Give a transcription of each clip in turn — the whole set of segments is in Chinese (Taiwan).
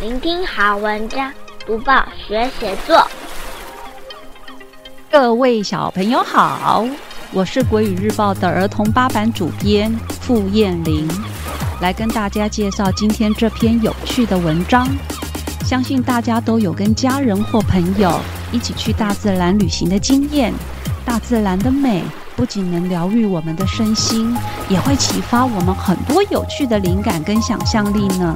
聆聽好文章，讀報學寫作。各位小朋友好，我是國語日報的兒童八版主編傅燕鈴，來跟大家介紹今天這篇有趣的文章。相信大家都有跟家人或朋友一起去大自然旅行的經驗，大自然的美不僅能療癒我們的身心，也會啟發我們很多有趣的靈感跟想象力呢。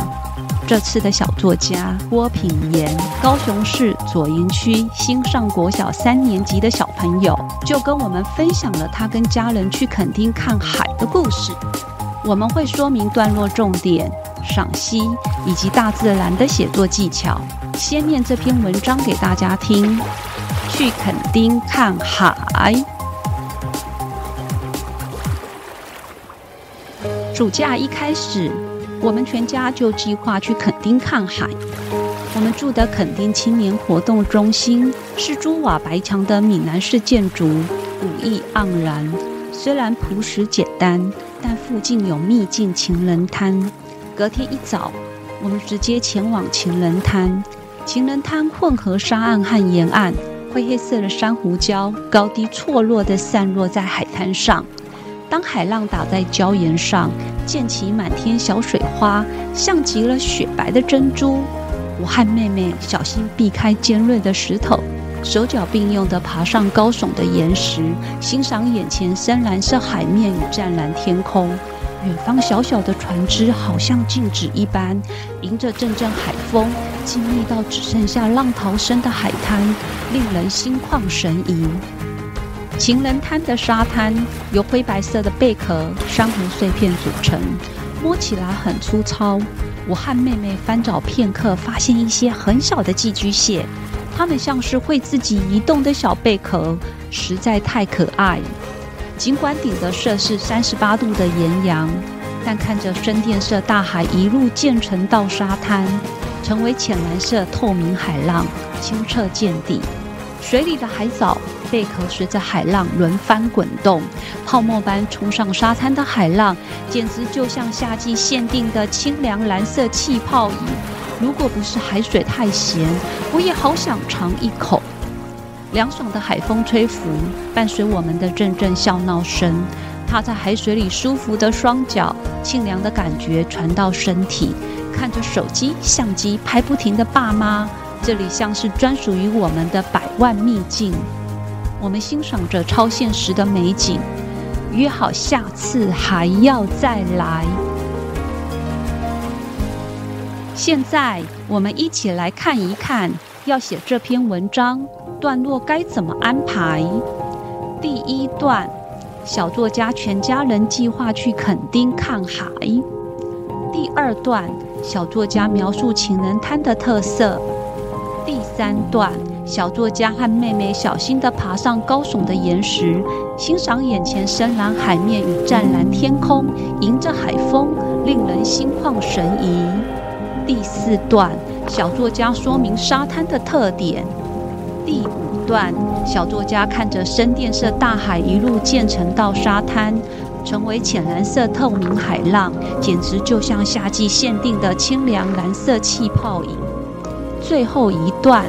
這次的小作家郭品言，高雄市左營區新上國小三年級的小朋友，就跟我們分享了他跟家人去墾丁看海的故事。我們會說明段落重點、賞析以及大自然的寫作技巧。先念這篇文章給大家聽：去墾丁看海。暑假一開始。我們全家就計劃去墾丁看海。我們住的墾丁青年活動中心是朱瓦白牆的閩南式建築，古意盎然。雖然樸實簡單，但附近有秘境情人灘。隔天一早，我們直接前往情人灘。情人灘混合沙岸和岩岸，灰黑色的珊瑚礁高低錯落地散落在海灘上。當海浪打在礁岩上，濺起滿天小水花，像極了雪白的珍珠。我和妹妹小心避開尖銳的石頭，手腳並用地爬上高聳的岩石，欣賞眼前深藍色海面與湛藍天空。遠方小小的船只好像靜止一般，迎着陣陣海風，經歷到只剩下浪濤聲的海灘，令人心曠神怡。情人灘的沙灘由灰白色的貝殼、珊瑚碎片組成，摸起來很粗糙。我和妹妹翻找片刻，發現一些很小的寄居蟹，它們像是會自己移動的小貝殼，實在太可愛。儘管頂著攝氏三十八度的炎陽，但看着深靛色大海一路漸沉到沙灘，成為淺藍色透明海浪，清澈見底。水裡的海藻。貝殼隨着海浪輪番滾動，泡沫般沖上沙灘的海浪，簡直就像夏季限定的清涼藍色氣泡飲。如果不是海水太鹹，我也好想嘗一口。涼爽的海風吹拂，伴隨我們的陣陣笑鬧聲，踏在海水裡舒服的雙腳，清涼的感覺傳到身體。看着手機、相機拍不停的爸媽，這裡像是專屬於我們的百萬秘境。我們欣賞着超現實的美景，約好下次還要再來。現在我們一起來看一看，要寫這篇文章段落該怎麼安排。第一段，小作家全家人計劃去墾丁看海。第二段，小作家描述情人灘的特色。第三段。小作家和妹妹小心地爬上高聳的岩石，欣賞眼前深藍海面與湛藍天空，迎着海風，令人心曠神怡。第四段，小作家說明沙灘的特點。第五段，小作家看着深靛色大海一路漸層到沙灘，成為淺藍色透明海浪，簡直就像夏季限定的清涼藍色氣泡飲。最後一段。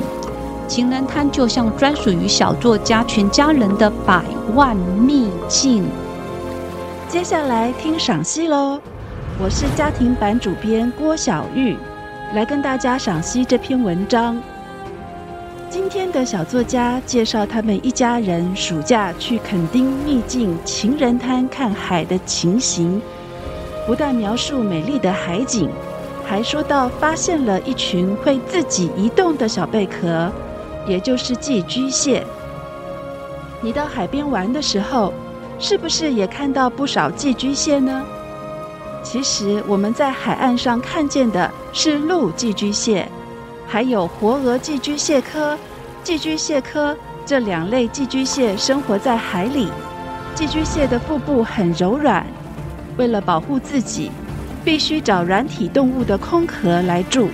情人灘就像專屬於小作家全家人的百萬祕境。接下來聽賞析嘍，我是家庭版主編郭曉諭，來跟大家賞析這篇文章。今天的小作家介紹他們一家人暑假去墾丁祕境情人灘看海的情形，不但描述美麗的海景，還說到發現了一群會自己移動的小貝殼。也就是寄居蟹，你到海邊玩的時候，是不是也看到不少寄居蟹呢？其實我們在海岸上看見的是陸寄居蟹，還有活額寄居蟹科、寄居蟹科這兩類寄居蟹生活在海裡。寄居蟹的腹部很柔軟，為了保護自己，必須找軟體動物的空殼來住。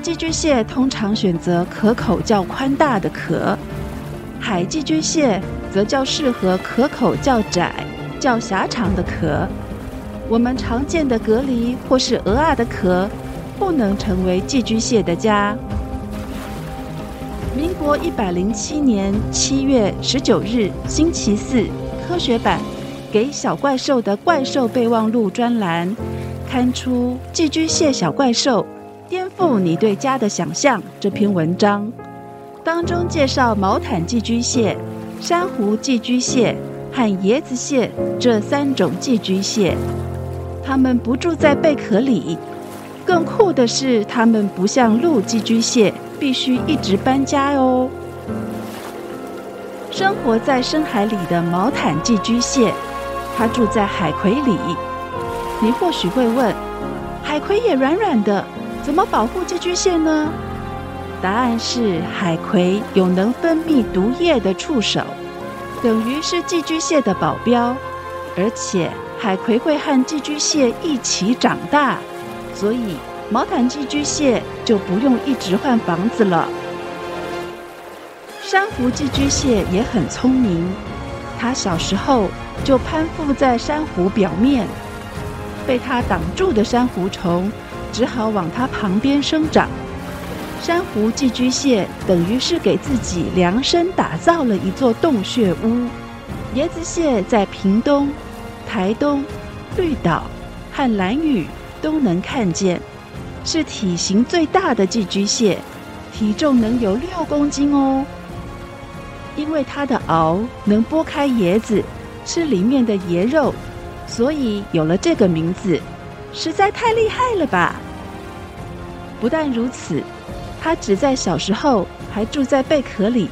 寄居蟹通常選擇殼口較寬大的殼，海寄居蟹則較適合殼口較窄、較狹長的殼。我們常見的蛤蜊或是蚵仔的殼，不能成為寄居蟹的家。民國一百零七年七月十九日，星期四，科學版《給小怪獸的怪獸備忘錄》專欄刊出《寄居蟹小怪獸》。《附你對家的想象》這篇文章當中介紹毛毯寄居蟹、珊瑚寄居蟹和椰子蟹這三種寄居蟹，它們不住在貝殼裡。更酷的是，它們不像陸寄居蟹，必須一直搬家哦。生活在深海裡的毛毯寄居蟹，它住在海葵裡。你或許會問，海葵也軟軟的。怎麼保護寄居蟹呢？答案是海葵有能分泌毒液的觸手，等於是寄居蟹的保鏢。而且海葵會和寄居蟹一起長大，所以毛毯寄居蟹就不用一直換房子了。珊瑚寄居蟹也很聰明，它小時候就攀附在珊瑚表面，被它擋住的珊瑚蟲。只好往它旁邊生長，珊瑚寄居蟹等於是給自己量身打造了一座洞穴屋。椰子蟹在屏東、台東、綠島和蘭嶼都能看見，是體型最大的寄居蟹，體重能有六公斤哦。因為它的螯能撥開椰子，吃裡面的椰肉，所以有了這個名字，實在太厲害了吧！不但如此，它只在小時候還住在貝殼裡，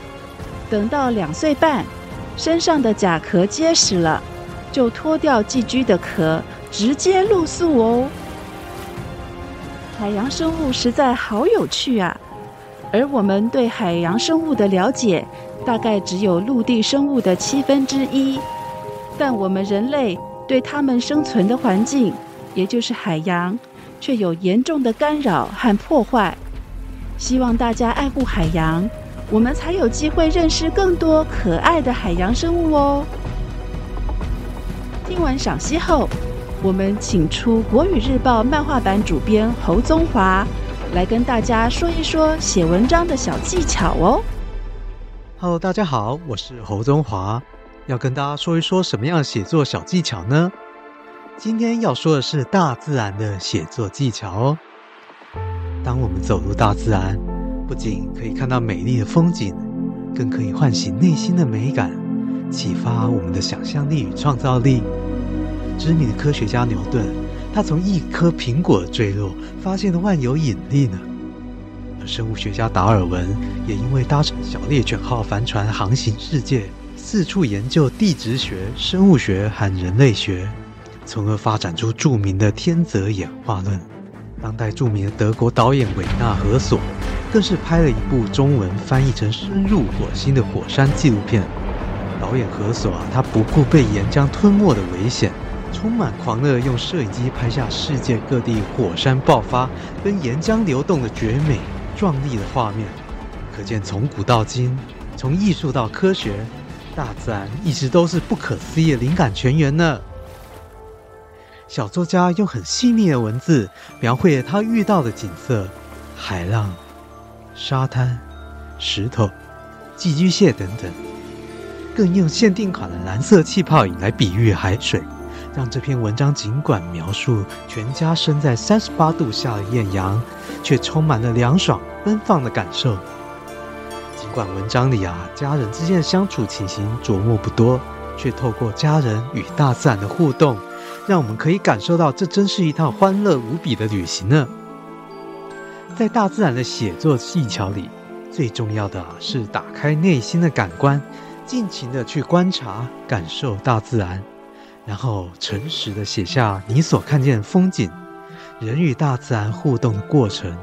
等到兩歲半，身上的甲殼結實了，就脫掉寄居的殼，直接露宿哦。海洋生物實在好有趣啊，而我們對海洋生物的了解，大概只有陸地生物的七分之一，但我們人類對它們生存的環境，也就是海洋。卻有嚴重的干擾和破壞，希望大家愛護海洋，我們才有機會認識更多可愛的海洋生物哦。聽完賞析後，我們請出國語日報漫畫版主編侯宗華來跟大家說一說寫文章的小技巧哦。哈囉，大家好，我是侯宗華，要跟大家說一說什麼樣寫作小技巧呢？今天要說的是大自然的寫作技巧哦。當我們走入大自然，不僅可以看到美麗的風景，更可以喚醒內心的美感，啟發我們的想象力與創造力。知名的科學家牛頓，他從一顆蘋果墜落發現了萬有引力呢。而生物學家達爾文，也因為搭乘小獵犬號帆船航行世界，四處研究地質學、生物學和人類學。從而發展出著名的天擇演化論。當代著名的德國導演韋納·何索更是拍了一部中文翻譯成《深入火星》的火山紀錄片。導演何索啊，他不顧被岩漿吞沒的危險，充滿狂熱，用攝影機拍下世界各地火山爆發跟岩漿流動的絕美、壯麗的畫面。可見，從古到今，從藝術到科學，大自然一直都是不可思議的靈感泉源呢。小作家用很細膩的文字描繪了他遇到的景色：海浪、沙灘、石頭、寄居蟹等等。更用限定款的藍色氣泡飲來比喻海水，讓這篇文章儘管描述全家身在三十八度下的豔陽，卻充滿了涼爽奔放的感受。儘管文章裡啊家人之間的相處情形琢磨不多，卻透過家人與大自然的互動。讓我們可以感受到，這真是一趟歡樂無比的旅行呢。在大自然的寫作技巧裡，最重要的是打開內心的感官，盡情的去觀察、感受大自然，然後誠實的寫下你所看見的風景、人與大自然互動的過程。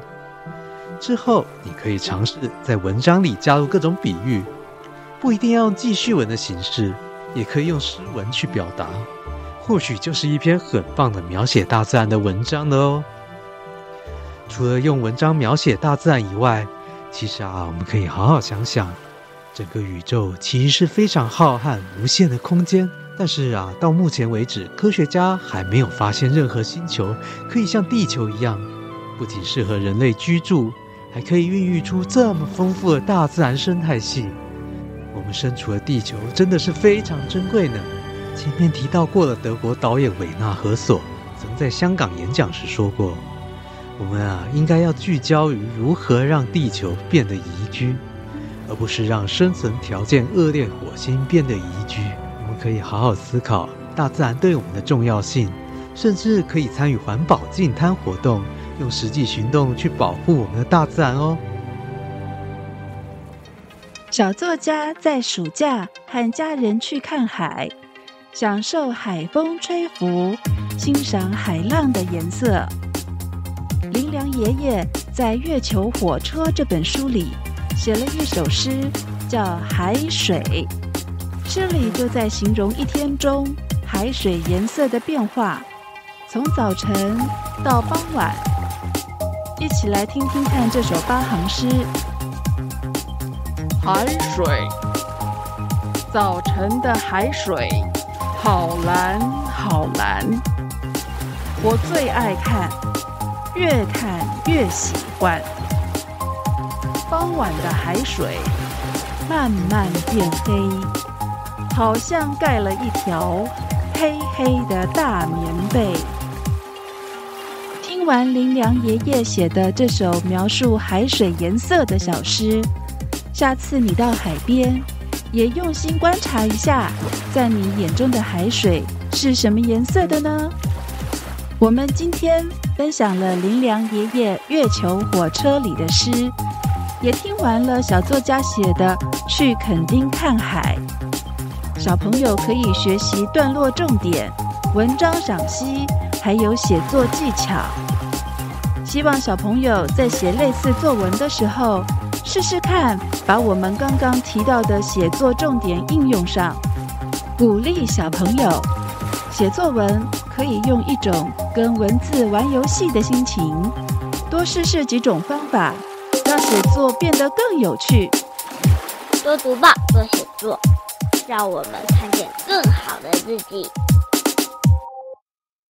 之後，你可以嘗試在文章裡加入各種比喻，不一定要用記敘文的形式，也可以用詩文去表達。或許就是一篇很棒的描寫大自然的文章了哦。除了用文章描寫大自然以外，其實啊，我們可以好好想想，整個宇宙其實是非常浩瀚無限的空間。但是啊，到目前為止，科學家還沒有發現任何星球可以像地球一樣，不僅適合人類居住，還可以孕育出這麼豐富的大自然生態系。我們身處的地球真的是非常珍貴呢。前面提到過的德國導演維納·何索曾在香港演講時說過：“我們啊，應該要聚焦於如何讓地球變得宜居，而不是讓生存條件惡劣的火星變得宜居。”我們可以好好思考大自然對我們的重要性，甚至可以參與環保淨灘活動，用實際行動去保護我們的大自然哦。小作家在暑假和家人去看海。享受海風吹拂，欣賞海浪的顏色。林良爺爺在《月球火車》這本書裡寫了一首詩，叫《海水》，詩裡就在形容一天中海水顏色的變化，從早晨到傍晚。一起來聽聽看這首八行詩：海水，早晨的海水。好藍，好藍，我最愛看，越看越喜歡。傍晚的海水慢慢變黑，好像蓋了一條黑黑的大棉被。聽完林良爺爺寫的這首描述海水顏色的小詩，下次你到海邊。也用心觀察一下，在你眼中的海水是什麼顏色的呢？我們今天分享了林良爺爺《月球火車》裡的詩，也聽完了小作家寫的《去墾丁看海》。小朋友可以學習段落重點、文章賞析，還有寫作技巧。希望小朋友在寫類似作文的時候，試試看，把我們剛剛提到的寫作重點應用上。鼓勵小朋友寫作文，可以用一種跟文字玩遊戲的心情，多試試幾種方法，讓寫作變得更有趣。多讀報，多寫作，讓我們看見更好的自己。